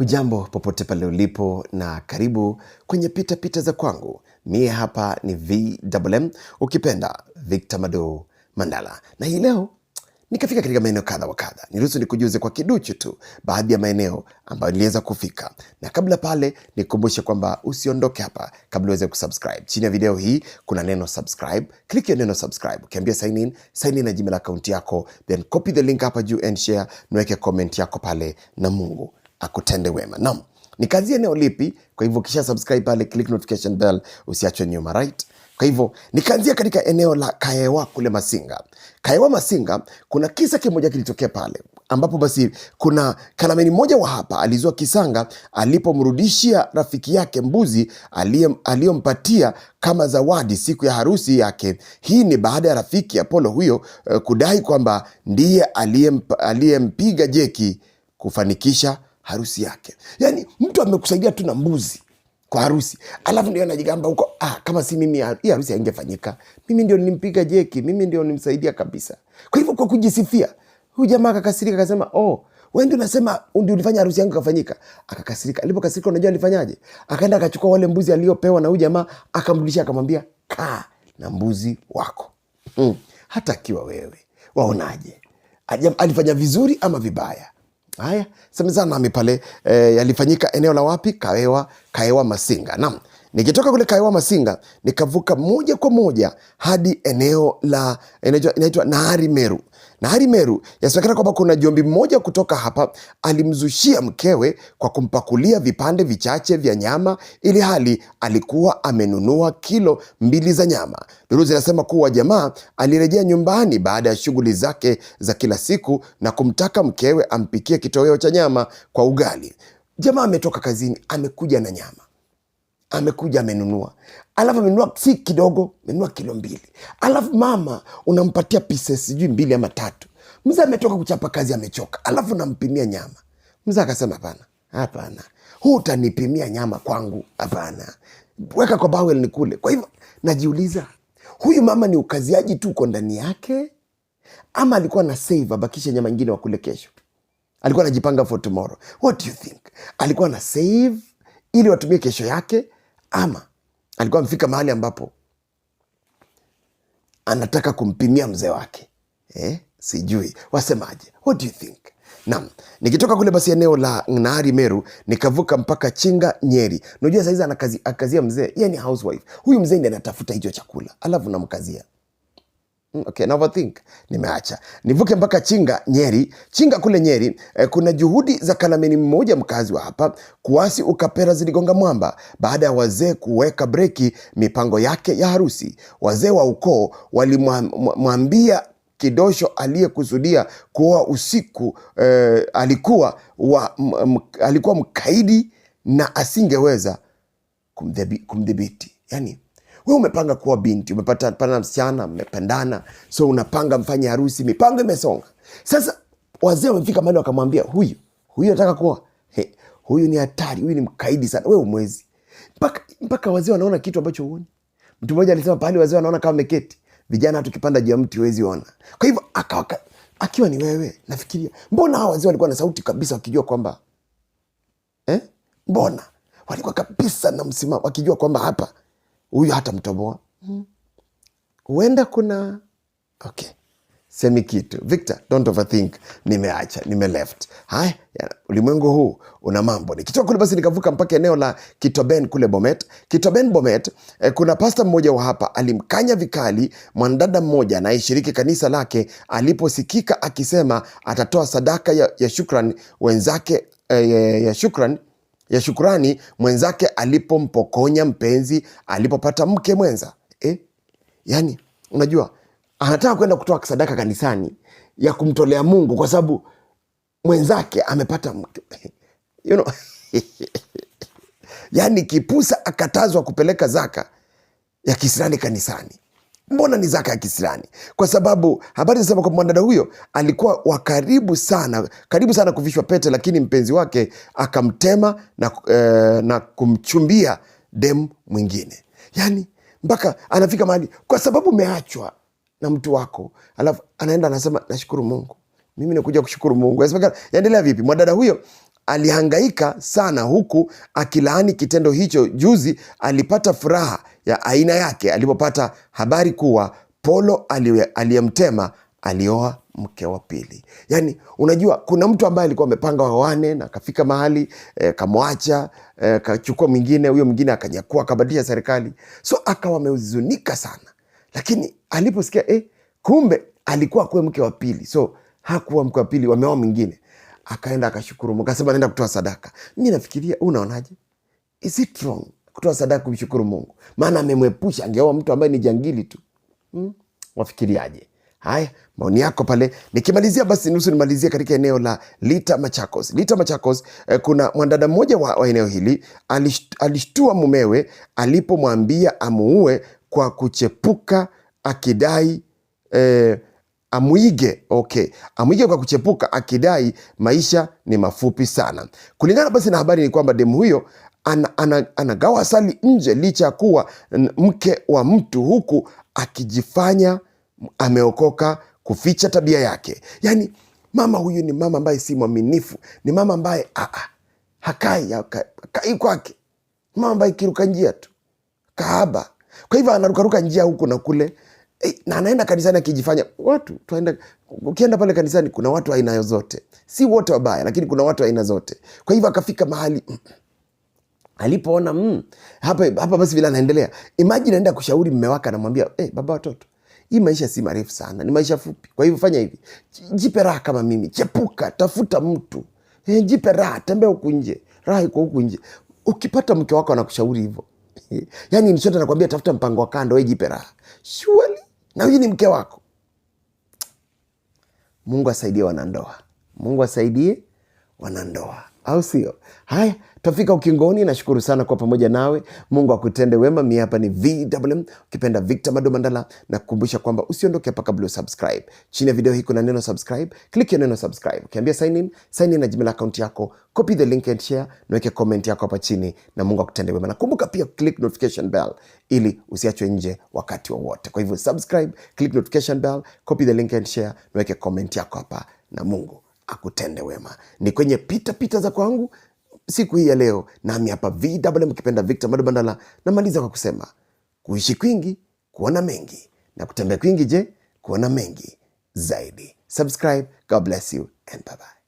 Hujambo popote pale ulipo na karibu kwenye pita pita za kwangu. Mie hapa ni VMM, ukipenda Victor Mado Mandala, na hii leo nikafika katika maeneo kadha wa kadha. Niruhusu nikujuze kwa kiduchu tu baadhi ya maeneo ambayo niliweza kufika, na kabla pale nikukumbushe kwamba usiondoke hapa kabla uweze kusubscribe. Chini ya video hii kuna neno subscribe, click ya neno subscribe, ukiambia sign in, sign in na Gmail account yako, then copy the link hapa juu and share, niweke comment yako pale na Mungu akutende wema. Naam, ni kazi eneo lipi? Kwa hivyo kisha subscribe pale, click notification bell, usiachwe nyuma right. Kwa hivyo nikaanzia katika eneo la Kaewa kule Masinga. Kaewa Masinga, kuna kisa kimoja kilitokea pale ambapo basi kuna kalameni mmoja wa hapa alizua kisanga alipomrudishia rafiki yake mbuzi aliyompatia kama zawadi siku ya harusi yake. Hii ni baada ya rafiki ya Polo huyo eh, kudai kwamba ndiye aliyempiga jeki kufanikisha harusi yake. Yani mtu amekusaidia tu na mbuzi kwa harusi, alafu ndio anajigamba huko, ah, kama si mimi hii harusi haingefanyika. Mimi ndio nilimpiga jeki, mimi ndio nimsaidia kabisa. Kwa hivyo kwa kujisifia, huyu jamaa akakasirika, akasema oh, wewe ndio unasema ndio ulifanya harusi yangu kafanyika. Akakasirika. Alipokasirika, unajua alifanyaje? Akaenda akachukua wale mbuzi aliopewa na huyu jamaa, akamrudisha, akamwambia kaa na mbuzi wako. Hmm. Hata akiwa wewe, waonaje? Alifanya vizuri ama vibaya? Haya, semezana nami pale e, yalifanyika eneo la wapi? Kawewa, Kawewa Masinga. Naam, Nikitoka kule Kaiwa Masinga nikavuka moja kwa moja hadi eneo la inaitwa Nahari Meru. Nahari Meru yasemekana kwamba kuna jombi mmoja kutoka hapa alimzushia mkewe kwa kumpakulia vipande vichache vya nyama, ili hali alikuwa amenunua kilo mbili za nyama. Duru zinasema kuwa jamaa alirejea nyumbani baada ya shughuli zake za kila siku na kumtaka mkewe ampikie kitoweo cha nyama kwa ugali. Jamaa ametoka kazini, amekuja na nyama amekuja amenunua, alafu amenunua si kidogo, amenunua kilo mbili, alafu mama unampatia pise sijui mbili ama tatu. Mzee ametoka kuchapa kazi, amechoka, alafu nampimia nyama. Mzee akasema hapana, hapana, huu utanipimia nyama kwangu? Hapana, weka kwa bawel ni kule Kwa hivyo najiuliza huyu mama ni ukaziaji tu uko ndani yake, ama alikuwa na save abakishe nyama ingine wakule kesho? Alikuwa anajipanga for tomorrow. What do you think? Alikuwa na save ili watumie kesho yake ama alikuwa amefika mahali ambapo anataka kumpimia mzee wake eh? Sijui wasemaje, what do you think? Naam, nikitoka kule basi eneo la Ng'aari Meru, nikavuka mpaka Chinga Nyeri. Unajua saizi anakazia mzee, yani housewife. Huyu mzee ndiye anatafuta hicho chakula, alafu namkazia Mm, okay, now think nimeacha nivuke mpaka Chinga Nyeri. Chinga kule Nyeri eh, kuna juhudi za kalameni mmoja mkazi wa hapa kuasi ukapera ziligonga mwamba baada ya wazee kuweka breki mipango yake ya harusi. Wazee wa ukoo walimwambia kidosho aliyekusudia kuoa usiku eh, alikuwa, wa, alikuwa mkaidi na asingeweza kumdhibiti yani we umepanga kuwa binti, umepata pana msichana, mmependana, so unapanga mfanye harusi, mipango imesonga. Sasa wazee wamefika mali wakamwambia huyu huyu anataka kuwa he, huyu ni hatari, huyu ni mkaidi sana, we umwezi. Mpaka, mpaka wazee wanaona kitu ambacho huoni. Mtu mmoja alisema pahali wazee wanaona kama meketi, vijana tukipanda juu ya mti huwezi ona. Kwa hivyo akawaka akiwa ni wewe, nafikiria mbona hawa wazee walikuwa na sauti kabisa, wakijua kwamba eh? mbona walikuwa kabisa na msimamo, wakijua kwamba hapa huyu hata mtoboa huenda mm. kuna okay. Semi kitu Victor, don't overthink. Nimeacha, nime left. Haya, ulimwengu huu una mambo. Nikitoka kule basi nikavuka mpaka eneo la Kitoben kule Bomet, Kitoben Bomet. Eh, kuna pasta mmoja wa hapa alimkanya vikali mwanadada mmoja anayeshiriki kanisa lake aliposikika akisema atatoa sadaka ya, ya shukran wenzake eh, ya shukran ya shukrani mwenzake alipompokonya mpenzi alipopata mke mwenza eh? Yani unajua anataka kwenda kutoa sadaka kanisani ya kumtolea Mungu kwa sababu mwenzake amepata mke you know? Yani kipusa akatazwa kupeleka zaka ya kisirani kanisani mbona ni Zaka ya kisirani? Kwa sababu habari zinasema kwamba mwanadada huyo alikuwa wa karibu sana, karibu sana kuvishwa pete, lakini mpenzi wake akamtema na, eh, na kumchumbia dem mwingine. Yani mpaka anafika mahali, kwa sababu umeachwa na mtu wako, alafu anaenda anasema, nashukuru Mungu, mimi nakuja kushukuru Mungu. Yaendelea vipi? Mwanadada huyo alihangaika sana, huku akilaani kitendo hicho. Juzi alipata furaha ya aina yake alipopata habari kuwa Polo aliyemtema alioa mke wa pili. Yaani, unajua kuna mtu ambaye alikuwa amepanga wawane na akafika mahali e, kamwacha e, kachukua mwingine, huyo mwingine akanyakua akabadilisha serikali, so akawa amehuzunika sana, lakini aliposikia eh, kumbe alikuwa kuwe mke wa pili, so hakuwa mke wa pili, wameoa mwingine, akaenda akashukuru, akasema naenda kutoa sadaka. Mi nafikiria, unaonaje, is it wrong? kutoa sadaka, kumshukuru Mungu, maana amemwepusha. Angeoa mtu ambaye ni jangili tu. Hmm? Wafikiriaje? Haya, maoni yako pale. Nikimalizia basi, nusu nimalizie katika eneo la Lita Machakos. Lita Machakos, eh, kuna mwanadada mmoja wa, wa eneo hili alishtua mumewe alipomwambia amuue kwa kuchepuka akidai eh, amuige okay, Amuige kwa kuchepuka akidai maisha ni mafupi sana. Kulingana basi na habari ni kwamba demu huyo anagawa ana, ana asali nje, licha ya kuwa mke wa mtu, huku akijifanya ameokoka kuficha tabia yake. Yani mama huyu ni mama ambaye si mwaminifu, ni mama ambaye hakai hakai kwake, mama ambaye kiruka njia tu, kahaba. Kwa hivyo anarukaruka njia huku na kule e, na anaenda kanisani akijifanya watu tuaenda. Ukienda pale kanisani kuna watu aina zote, si wote wabaya, lakini kuna watu aina zote. Kwa hivyo akafika mahali mm -mm alipoona mm, hapa, hapa basi vile anaendelea. Imagine aenda kushauri mme wake, anamwambia hey, eh, baba watoto, hii maisha si marefu sana, ni maisha fupi, kwa hivyo fanya hivi, jipe raha kama mimi, chepuka, tafuta mtu eh, jipe raha, tembea huku nje, raha iko huku nje. Ukipata mke wako anakushauri hivyo yani nishote anakwambia tafuta mpango wa kando, we jipe raha, shuali na huyu ni mke wako. Mungu asaidie wanandoa, Mungu asaidie wanandoa au sio? Haya, tafika ukingoni. Nashukuru sana kwa pamoja nawe. Mungu akutende wema. Mi hapa ni VMM, ukipenda Victor Mado Mandala, na kukumbusha kwamba usiondoke hapa kabla usubscribe. Chini ya video hii kuna neno subscribe, ya neno subscribe, ukiambia sign in, sign in na Gmail account yako, copy the link and share, na weke comment yako hapa chini, na Mungu akutende wema. Nakumbuka pia click notification bell ili usiachwe nje wakati wowote. Kwa hivyo subscribe, click notification bell, copy the link and share, na weke comment yako hapa, na Mungu akutende wema. Ni kwenye pita pita za kwangu siku hii ya leo, nami hapa VMM kipenda Victor madubandala Mandala, namaliza kwa kusema kuishi kwingi kuona mengi, na kutembea kwingi, je, kuona mengi zaidi. Subscribe. God bless you and bye bye.